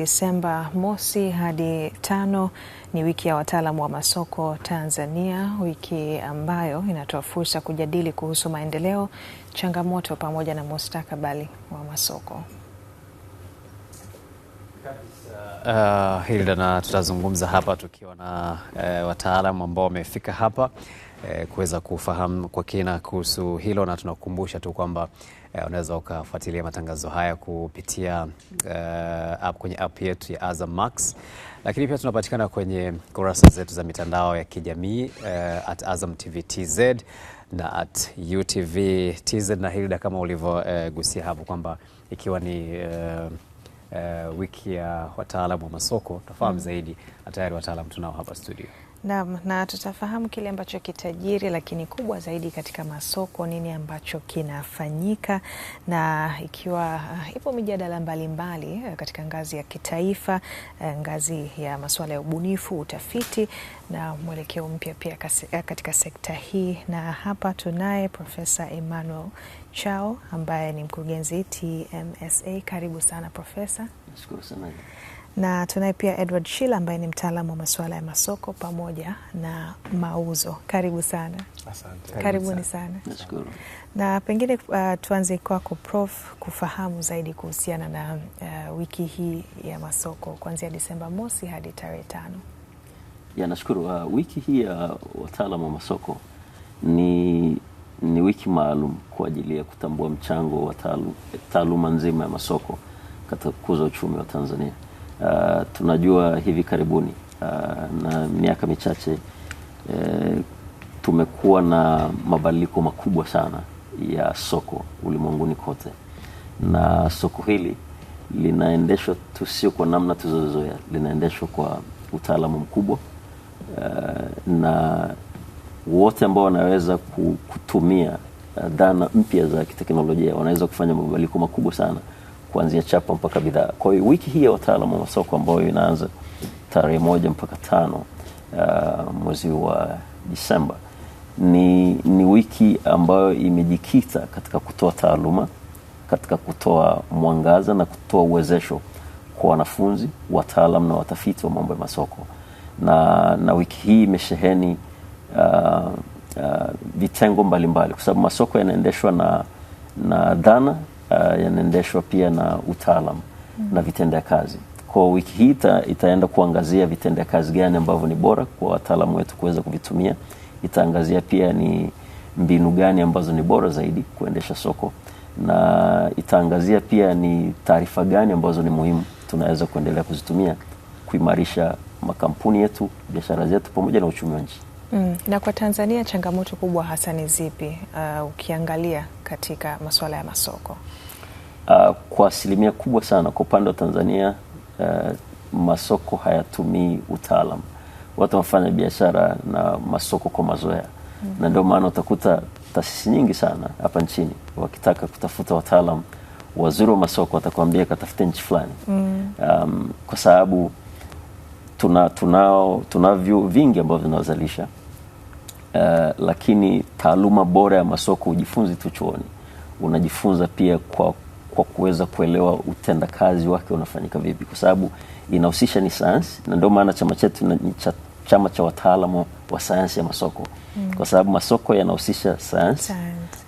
Disemba mosi hadi tano ni wiki ya wataalamu wa masoko Tanzania, wiki ambayo inatoa fursa kujadili kuhusu maendeleo, changamoto pamoja na mustakabali wa masoko. Uh, Hilda, na tutazungumza hapa tukiwa na uh, wataalamu ambao wamefika hapa uh, kuweza kufahamu kwa kina kuhusu hilo, na tunakumbusha tu kwamba eh, unaweza ukafuatilia matangazo haya kupitia eh, app kwenye app yetu ya Azam Max, lakini pia tunapatikana kwenye kurasa zetu za mitandao ya kijamii eh, at Azam TV TZ na at UTV TZ na Hilda, kama ulivyogusia eh, hapo kwamba ikiwa ni eh, Uh, wiki ya wataalamu wa masoko tafahamu mm, zaidi na tayari wataalamu tunao hapa studio. Naam, na tutafahamu kile ambacho kitajiri, lakini kubwa zaidi katika masoko, nini ambacho kinafanyika, na ikiwa eh, ipo mijadala mbalimbali eh, katika ngazi ya kitaifa, eh, ngazi ya masuala ya ubunifu, utafiti na mwelekeo mpya pia katika sekta hii, na hapa tunaye Profesa Emmanuel Chao ambaye ni mkurugenzi TMSA. Karibu sana Profesa. Nashukuru sana na tunaye pia Edward Shila ambaye ni mtaalamu wa masuala ya masoko pamoja na mauzo. Karibu sana. Asante. Karibuni sana. Nashukuru. Na pengine uh, tuanze kwako Prof, kufahamu zaidi kuhusiana na uh, wiki hii ya masoko kuanzia Desemba mosi hadi tarehe tano. Ya, nashukuru. Uh, wiki hii ya uh, wataalamu wa masoko ni, ni wiki maalum kwa ajili ya kutambua mchango wa taaluma nzima ya masoko katika kukuza uchumi wa Tanzania uh, tunajua hivi karibuni uh, na miaka michache uh, tumekuwa na mabadiliko makubwa sana ya soko ulimwenguni kote, na soko hili linaendeshwa tu sio kwa namna tuzozoea, linaendeshwa kwa utaalamu mkubwa uh, na wote ambao wanaweza kutumia uh, dhana mpya za kiteknolojia wanaweza kufanya mabadiliko makubwa sana kuanzia chapa mpaka bidhaa. Kwa hiyo wiki hii ya wataalamu wa masoko ambayo inaanza tarehe moja mpaka tano uh, mwezi wa Disemba ni, ni wiki ambayo imejikita katika kutoa taaluma, katika kutoa mwangaza na kutoa uwezesho kwa wanafunzi, wataalam na watafiti wa mambo ya masoko na, na wiki hii imesheheni uh, uh, vitengo mbalimbali kwa sababu masoko yanaendeshwa na, na dhana uh, yanaendeshwa pia na utaalam mm. na vitendea kazi. Kwa wiki hii itaenda kuangazia vitendea kazi gani ambavyo ni bora kwa wataalamu wetu kuweza kuvitumia. Itaangazia pia ni mbinu gani ambazo ni bora zaidi kuendesha soko, na itaangazia pia ni taarifa gani ambazo ni muhimu tunaweza kuendelea kuzitumia kuimarisha makampuni yetu, biashara zetu, pamoja na uchumi wa nchi. Mm. Na kwa Tanzania changamoto kubwa hasa ni zipi, uh, ukiangalia katika masuala ya masoko? Uh, kwa asilimia kubwa sana kwa upande wa Tanzania uh, masoko hayatumii utaalam, watu wanafanya biashara na masoko kwa mazoea mm -hmm. Na ndio maana utakuta taasisi nyingi sana hapa nchini wakitaka kutafuta wataalam wazuri wa masoko watakuambia katafute nchi fulani mm. Um, kwa sababu tuna tunao tunavyo vingi ambavyo vinazalisha uh, lakini taaluma bora ya masoko hujifunzi tu chuoni, unajifunza pia kwa, kwa kuweza kuelewa utendakazi wake unafanyika vipi, kwa sababu inahusisha ni sayansi, na ndio maana chama chetu cha chama cha wataalamu wa sayansi ya masoko mm. kwa sababu masoko yanahusisha sayansi,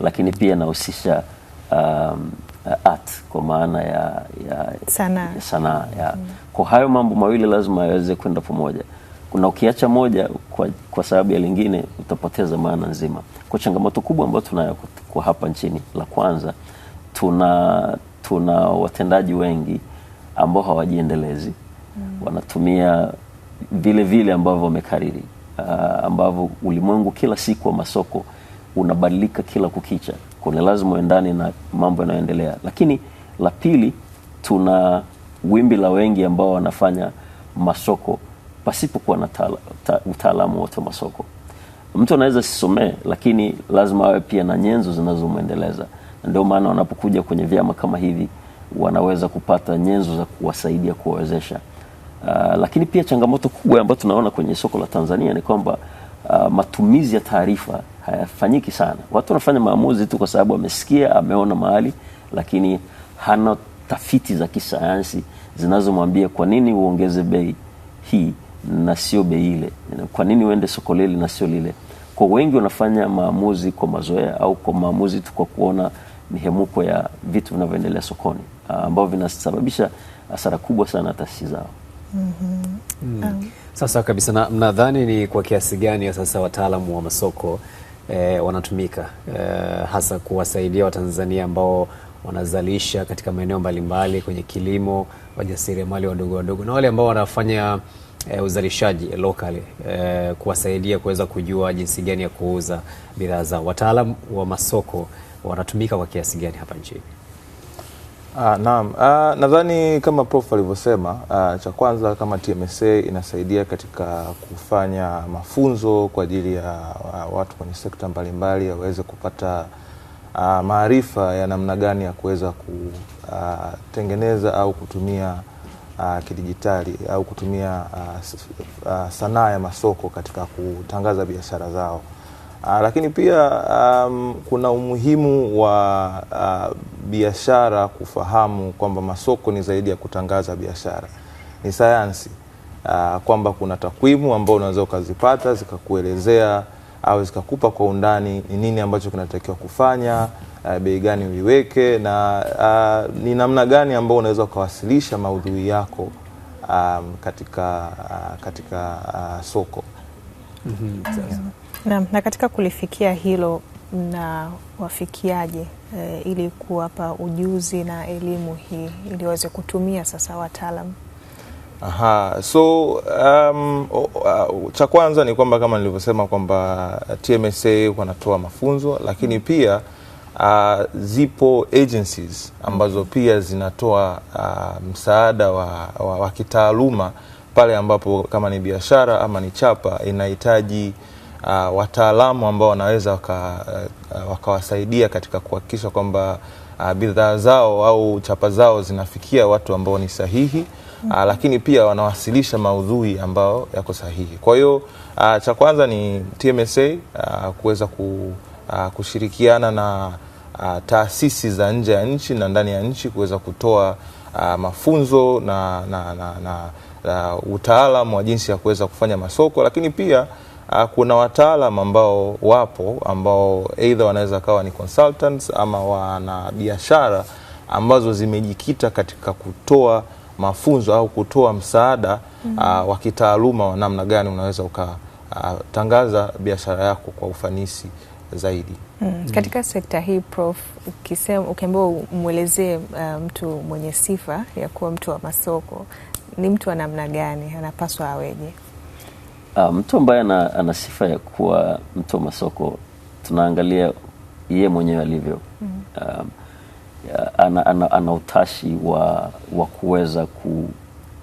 lakini pia yanahusisha um, eh, art kwa maana ya, ya sanaa ya, sana, ya. Mm. Kwa hayo mambo mawili lazima yaweze kwenda pamoja na ukiacha moja kwa, kwa sababu ya lingine utapoteza maana nzima. Kwa changamoto kubwa ambayo tunayo kwa hapa nchini, la kwanza tuna tuna watendaji wengi ambao hawajiendelezi mm. wanatumia vile vile ambavyo wamekariri uh, ambavyo ulimwengu kila siku wa masoko unabadilika kila kukicha, kuna lazima uendane na mambo yanayoendelea. Lakini la pili, tuna wimbi la wengi ambao wanafanya masoko pasipokuwa na utaalamu wote wa masoko. Mtu anaweza sisomee, lakini lazima awe pia na nyenzo zinazomwendeleza. Ndio maana wanapokuja kwenye vyama kama hivi wanaweza kupata nyenzo za kuwasaidia kuwawezesha. Uh, lakini pia changamoto kubwa ambayo tunaona kwenye soko la Tanzania ni kwamba uh, matumizi ya taarifa hayafanyiki sana. Watu wanafanya maamuzi tu kwa sababu amesikia, ameona mahali, lakini hana tafiti za kisayansi zinazomwambia kwa nini uongeze bei hii na sio bei ile. Kwa nini uende soko lile na sio lile? Kwa wengi wanafanya maamuzi kwa mazoea au kwa maamuzi tu kwa kuona mihemuko ya vitu vinavyoendelea sokoni ah, ambao vinasababisha hasara kubwa sana taasisi zao. mm -hmm. mm. Sasa kabisa na, mnadhani ni kwa kiasi gani sasa wataalamu wa masoko eh, wanatumika eh, hasa kuwasaidia Watanzania ambao wanazalisha katika maeneo mbalimbali kwenye kilimo, wajasiriamali wadogo wadogo na wale ambao wanafanya e, uzalishaji locally e, kuwasaidia kuweza kujua jinsi gani ya kuuza bidhaa zao. Wataalam wa masoko wanatumika kwa kiasi gani hapa nchini? Ah, naam. Ah, nadhani kama Prof alivyosema, ah, cha kwanza kama TMSA inasaidia katika kufanya mafunzo kwa ajili ya ah, watu kwenye sekta mbalimbali waweze kupata ah, maarifa ya namna gani ya kuweza kutengeneza ah, au kutumia uh, kidijitali au kutumia uh, uh, sanaa ya masoko katika kutangaza biashara zao. Uh, lakini pia um, kuna umuhimu wa uh, biashara kufahamu kwamba masoko ni zaidi ya kutangaza biashara, ni sayansi uh, kwamba kuna takwimu ambao unaweza ukazipata zikakuelezea au zikakupa kwa undani ni nini ambacho kinatakiwa kufanya, uh, bei gani uiweke na uh, ni namna gani ambao unaweza ukawasilisha maudhui yako um, katika, uh, katika uh, soko mm -hmm. na, na katika kulifikia hilo na wafikiaje eh, ili kuwapa ujuzi na elimu hii ili waweze kutumia sasa wataalam Aha, so um, uh, cha kwanza ni kwamba kama nilivyosema kwamba TMSA wanatoa mafunzo lakini pia uh, zipo agencies ambazo pia zinatoa uh, msaada wa, wa, wa kitaaluma pale ambapo kama ni biashara ama ni chapa inahitaji uh, wataalamu ambao wanaweza waka, uh, wakawasaidia katika kuhakikisha kwamba uh, bidhaa zao au chapa zao zinafikia watu ambao ni sahihi uh, lakini pia wanawasilisha maudhui ambayo yako sahihi. Kwa hiyo uh, cha kwanza ni TMSA uh, ah, kuweza ku, uh, kushirikiana na uh, taasisi za nje ya nchi na ndani ya nchi kuweza kutoa uh, mafunzo na, na, na, na, na utaalamu wa jinsi ya kuweza kufanya masoko, lakini pia uh, kuna wataalam ambao wapo ambao either wanaweza kawa ni consultants ama wana biashara ambazo zimejikita katika kutoa mafunzo au kutoa msaada mm -hmm. uh, wa kitaaluma wa namna gani unaweza ukatangaza ah, uh, biashara yako kwa ufanisi zaidi. Mm, mm. Katika sekta hii Prof, ukisema ukiambiwa umwelezee uh, mtu mwenye sifa ya kuwa mtu wa masoko, ni mtu wa namna gani anapaswa aweje? Uh, mtu ambaye ana sifa ya kuwa mtu wa masoko, tunaangalia yeye mwenyewe alivyo. Mm. uh, Uh, ana, ana, ana utashi wa, wa kuweza ku,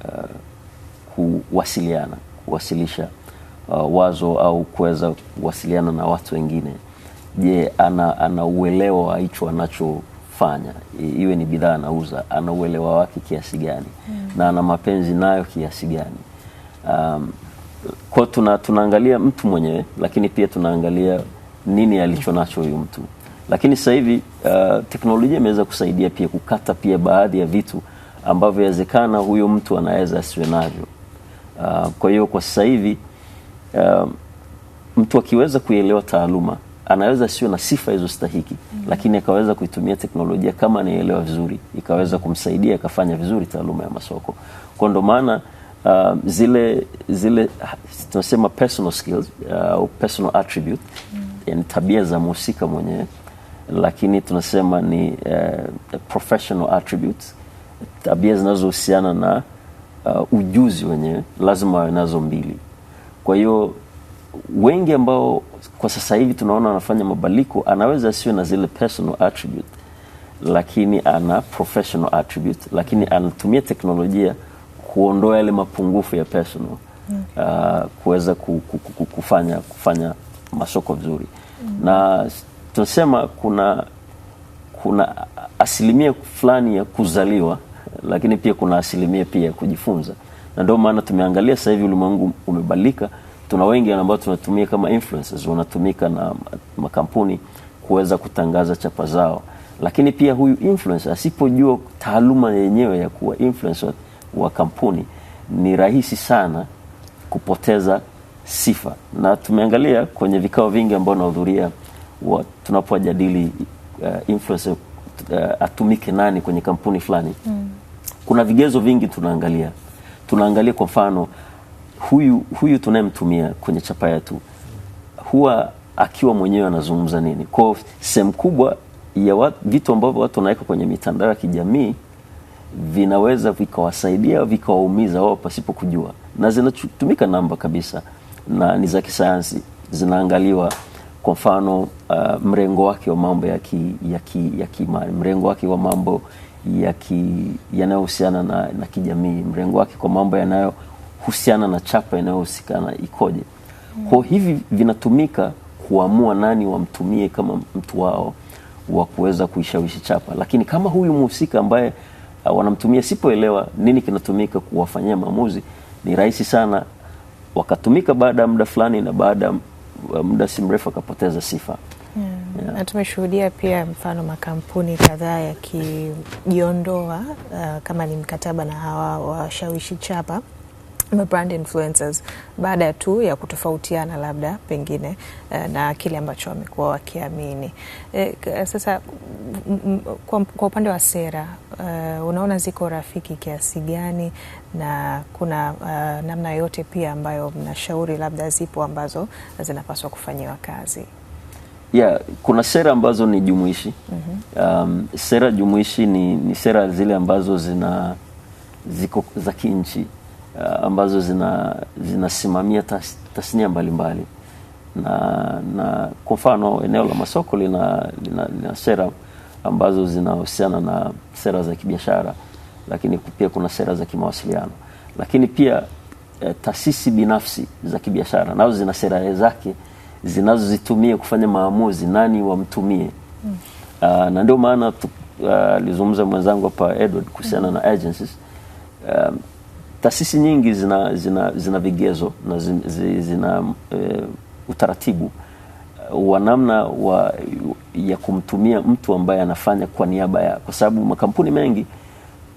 uh, kuwasiliana kuwasilisha uh, wazo au kuweza kuwasiliana na watu wengine. Je, ana, ana uelewa wa hicho anachofanya, iwe ni bidhaa anauza, ana uelewa wake kiasi gani? mm. na ana mapenzi nayo kiasi gani? um, kwa tuna tunaangalia mtu mwenyewe, lakini pia tunaangalia nini alicho nacho huyu mtu. Lakini sasa hivi uh, teknolojia imeweza kusaidia pia kukata pia baadhi ya vitu ambavyo yawezekana huyo mtu anaweza asiwe navyo. Uh, kwa hiyo kwa sasa hivi uh, mtu akiweza kuielewa taaluma anaweza asiwe na sifa hizo stahiki mm -hmm. Lakini akaweza kuitumia teknolojia kama anaelewa vizuri, ikaweza kumsaidia akafanya vizuri taaluma ya masoko. Kwa ndo maana uh, zile zile tunasema personal skills au uh, personal attribute mm -hmm. Yani tabia za mhusika mwenyewe lakini tunasema ni uh, professional attributes, tabia zinazohusiana na uh, ujuzi wenyewe lazima wawe nazo mbili. Kwa hiyo wengi ambao kwa sasa hivi tunaona anafanya mabadiliko, anaweza asiwe na zile personal attribute, lakini ana professional attribute, lakini anatumia teknolojia kuondoa yale mapungufu ya personal okay. Mm. uh, eh, kuweza kufanya kufanya masoko vizuri mm. na tunasema kuna kuna asilimia fulani ya kuzaliwa, lakini pia kuna asilimia pia ya kujifunza, na ndio maana tumeangalia sasa hivi ulimwengu umebadilika. Tuna wengi ambao tunatumia kama influencers, wanatumika na makampuni kuweza kutangaza chapa zao, lakini pia huyu influencer asipojua taaluma yenyewe ya kuwa influencer wa kampuni, ni rahisi sana kupoteza sifa, na tumeangalia kwenye vikao vingi ambao nahudhuria tunapowajadili uh, influencer uh, atumike nani kwenye kampuni fulani mm. kuna vigezo vingi tunaangalia. Tunaangalia kwa mfano huyu, huyu tunayemtumia kwenye chapa yetu huwa akiwa mwenyewe anazungumza nini. Kwa sehemu kubwa ya wat, vitu ambavyo watu wanaweka kwenye mitandao ya kijamii vinaweza vikawasaidia vikawaumiza wao pasipo kujua, na zinatumika namba kabisa na ni za kisayansi, zinaangaliwa kwa mfano uh, mrengo wake wa mambo ya ki, ya ki, ya kiimani, mrengo wake wa mambo ya ki, yanayohusiana na, na kijamii, mrengo wake kwa mambo yanayohusiana na chapa inayohusikana ikoje. Kwa hivi vinatumika kuamua nani wamtumie kama mtu wao wa kuweza kuishawishi chapa, lakini kama huyu mhusika ambaye uh, wanamtumia sipoelewa nini kinatumika kuwafanyia maamuzi, ni rahisi sana wakatumika baada ya muda fulani na baada muda si mrefu akapoteza sifa yeah. Yeah. Na tumeshuhudia pia mfano makampuni kadhaa yakijiondoa uh, kama ni mkataba na hawa washawishi chapa brand influencers baada tu ya kutofautiana labda pengine eh, na kile ambacho wamekuwa wakiamini. E, sasa kwa, kwa upande wa sera uh, unaona ziko rafiki kiasi gani na kuna uh, namna yote pia ambayo mnashauri labda zipo ambazo zinapaswa kufanyiwa kazi? Yeah, kuna sera ambazo ni jumuishi. mm -hmm. Um, sera jumuishi ni, ni sera zile ambazo zina ziko za kinchi Uh, ambazo zina zinasimamia tas, tasnia mbalimbali Na, na kwa mfano eneo la masoko lina, lina, lina sera ambazo zinahusiana na sera za kibiashara, lakini pia kuna sera za kimawasiliano, lakini pia eh, taasisi binafsi za kibiashara nazo zina sera zake zinazozitumia kufanya maamuzi nani wamtumie. mm. Uh, na ndio maana ah, alizungumza uh, mwenzangu hapa Edward kuhusiana mm. na agencies um, Taasisi nyingi zina, zina, zina vigezo na zina, zina eh, e, utaratibu eh, wa namna wa, ya kumtumia mtu ambaye anafanya kwa niaba ya, kwa sababu makampuni mengi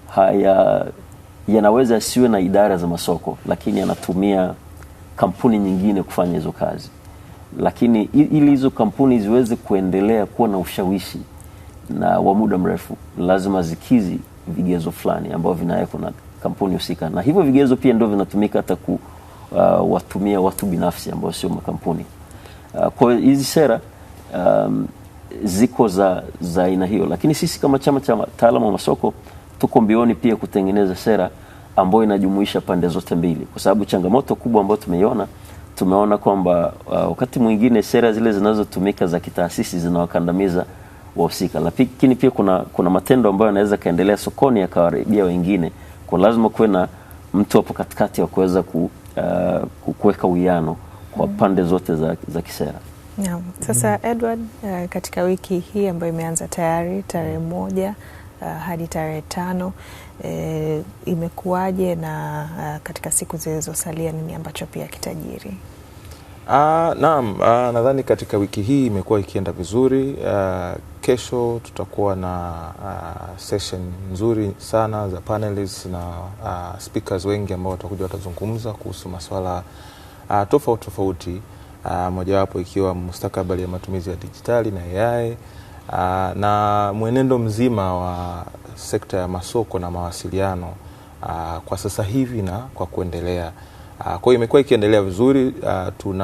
haya yanaweza yasiwe na idara za masoko, lakini anatumia kampuni nyingine kufanya hizo kazi, lakini ili hizo kampuni ziweze kuendelea kuwa na ushawishi na wa muda mrefu, lazima zikizi vigezo fulani ambavyo vinawekwa na kampuni husika, na hivyo vigezo pia ndio vinatumika hata ku uh, watumia watu binafsi ambao sio makampuni. Uh, kwa hizi sera um, ziko za za aina hiyo, lakini sisi kama chama cha taalamu wa masoko tuko mbioni pia kutengeneza sera ambayo inajumuisha pande zote mbili, kwa sababu changamoto kubwa ambayo tumeiona tumeona kwamba uh, wakati mwingine sera zile zinazotumika za kitaasisi zinawakandamiza wahusika, lakini pia kuna, kuna matendo ambayo yanaweza kaendelea sokoni yakawaribia wengine kwa lazima kuwe na mtu hapo katikati wa kuweza kuweka uh, uwiano kwa mm. pande zote za, za kisera. Yeah. Sasa mm -hmm. Edward, uh, katika wiki hii ambayo imeanza tayari tarehe mm. moja uh, hadi tarehe tano e, imekuwaje na uh, katika siku zilizosalia nini ambacho pia kitajiri? Uh, naam, uh, nadhani katika wiki hii imekuwa ikienda vizuri uh, kesho tutakuwa na uh, session nzuri sana za panelists na uh, speakers wengi ambao watakuja watazungumza kuhusu masuala uh, tofauti tofauti uh, mojawapo ikiwa mustakabali ya matumizi ya dijitali na AI uh, na mwenendo mzima wa sekta ya masoko na mawasiliano uh, kwa sasa hivi na kwa kuendelea. Uh, kwa hiyo imekuwa ikiendelea vizuri. Uh, tuna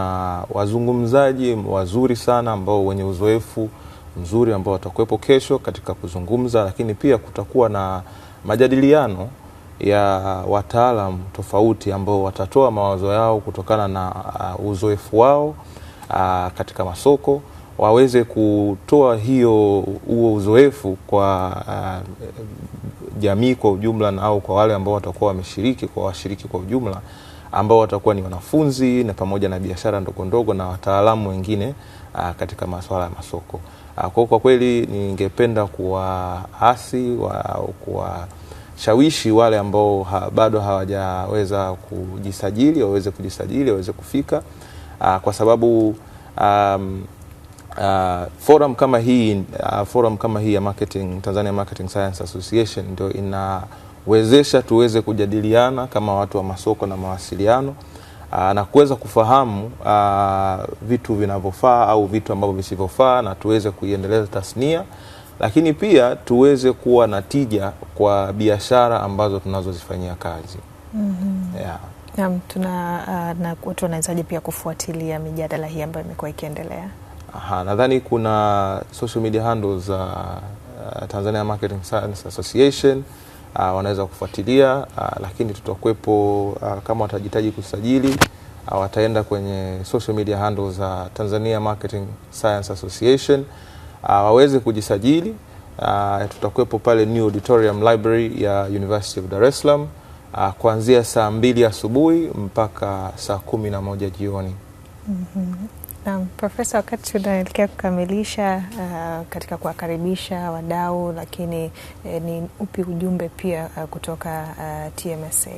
wazungumzaji wazuri sana ambao wenye uzoefu mzuri ambao watakuwepo kesho katika kuzungumza, lakini pia kutakuwa na majadiliano ya wataalam tofauti ambao watatoa mawazo yao kutokana na uh, uzoefu wao uh, katika masoko waweze kutoa hiyo huo uzoefu kwa uh, jamii kwa ujumla na au kwa wale ambao watakuwa wameshiriki, kwa washiriki kwa ujumla ambao watakuwa ni wanafunzi na pamoja na biashara ndogo ndogo na wataalamu wengine uh, katika masuala ya masoko. Ah, kwa kwa kweli ningependa kuwaasi au kuwashawishi wale ambao ha, bado hawajaweza kujisajili waweze kujisajili waweze kufika a, ah, kwa sababu um, Uh, forum kama hii uh, forum kama hii ya marketing, Tanzania Marketing Science Association ndio inawezesha tuweze kujadiliana kama watu wa masoko na mawasiliano aa, ah, na kuweza kufahamu aa, ah, vitu vinavyofaa au vitu ambavyo visivyofaa na tuweze kuiendeleza tasnia, lakini pia tuweze kuwa na tija kwa biashara ambazo tunazozifanyia kazi. mm -hmm. yeah. Naam, tuna uh, na watu wanawezaje pia kufuatilia mijadala hii ambayo imekuwa ikiendelea? Aha, nadhani kuna social media handles za uh, Tanzania Marketing Science Association uh, wanaweza kufuatilia uh, lakini tutakuwepo uh, kama watajitaji kusajili uh, wataenda kwenye social media handles za uh, Tanzania Marketing Science Association uh, waweze kujisajili. Uh, tutakuwepo pale New Auditorium Library ya University of Dar es Salaam uh, kuanzia saa mbili asubuhi mpaka saa kumi na moja jioni. mm -hmm. Naam, Profesa, wakati tunaelekea kukamilisha uh, katika kuwakaribisha wadau, lakini eh, ni upi ujumbe pia uh, kutoka uh, eh, TMSA?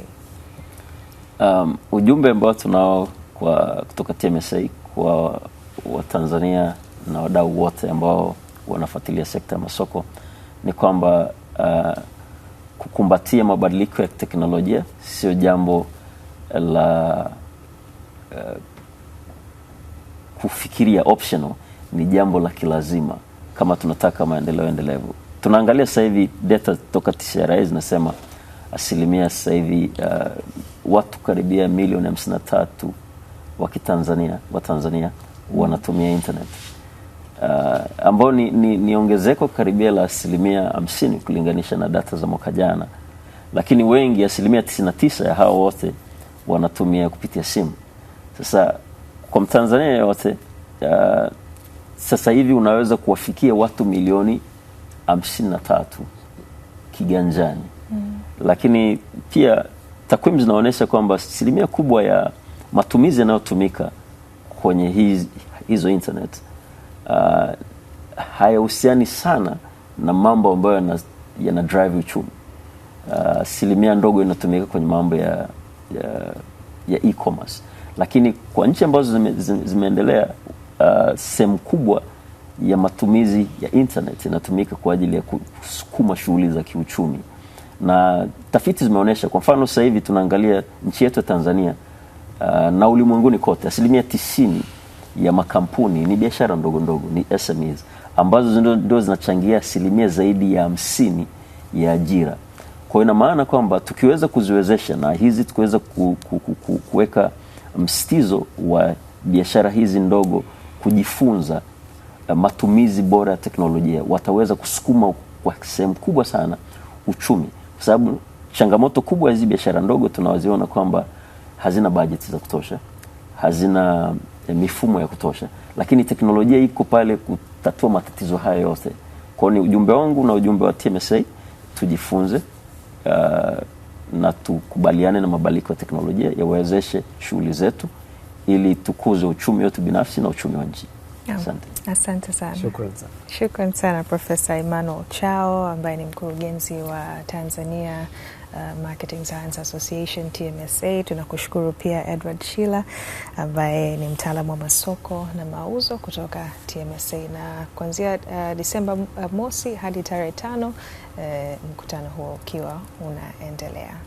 Um, ujumbe ambao tunao kwa kutoka TMSA kwa Watanzania na wadau wote ambao wanafuatilia sekta ya masoko ni kwamba uh, kukumbatia mabadiliko ya teknolojia sio jambo la uh, kufikiria optional ni jambo la kilazima kama tunataka maendeleo endelevu. Tunaangalia sasa hivi data toka TCRA zinasema asilimia sasa hivi uh, watu karibia milioni tatu wa Kitanzania wa Tanzania wanatumia internet uh, ambao ni, ni, ni ongezeko karibia la asilimia hamsini kulinganisha na data za mwaka jana, lakini wengi asilimia 99 ya hao wote wanatumia kupitia simu. Sasa kwa Mtanzania yote uh, sasa hivi unaweza kuwafikia watu milioni hamsini na tatu kiganjani mm. Lakini pia takwimu zinaonyesha kwamba asilimia kubwa ya matumizi yanayotumika kwenye hiz, hizo internet uh, hayahusiani sana na mambo ambayo yana, yana drive uchumi. Uh, asilimia uh, ndogo inatumika kwenye mambo ya, ya, ya e-commerce lakini kwa nchi ambazo zime, zimeendelea uh, sehemu kubwa ya matumizi ya internet inatumika kwa ajili ya kusukuma shughuli za kiuchumi, na tafiti zimeonyesha, kwa mfano sasa hivi tunaangalia nchi yetu ya Tanzania uh, na ulimwenguni kote, asilimia tisini ya makampuni ni biashara ndogo ndogo, ni SMEs ambazo ndio zinachangia asilimia zaidi ya hamsini ya ajira. Kwa hiyo ina maana kwamba tukiweza kuziwezesha na hizi tukiweza ku, ku, ku, ku, msitizo wa biashara hizi ndogo kujifunza eh, matumizi bora ya teknolojia, wataweza kusukuma kwa sehemu kubwa sana uchumi, kwa sababu changamoto kubwa ya hizi biashara ndogo tunawaziona kwamba hazina bajeti za kutosha, hazina eh, mifumo ya kutosha, lakini teknolojia iko pale kutatua matatizo haya yote. Kwao ni ujumbe wangu na ujumbe wa TMSA, tujifunze uh, na tukubaliane na mabadiliko ya teknolojia yawezeshe shughuli zetu ili tukuze uchumi wetu binafsi na uchumi wa nchi. Asante. Asante sana. Shukran sana. sana Profesa Emmanuel Chao ambaye ni mkurugenzi wa Tanzania uh, Marketing Science Association TMSA. Tunakushukuru pia Edward Shila ambaye ni mtaalamu wa masoko na mauzo kutoka TMSA, na kuanzia uh, Disemba uh, mosi hadi tarehe tano Eh, mkutano huo ukiwa unaendelea.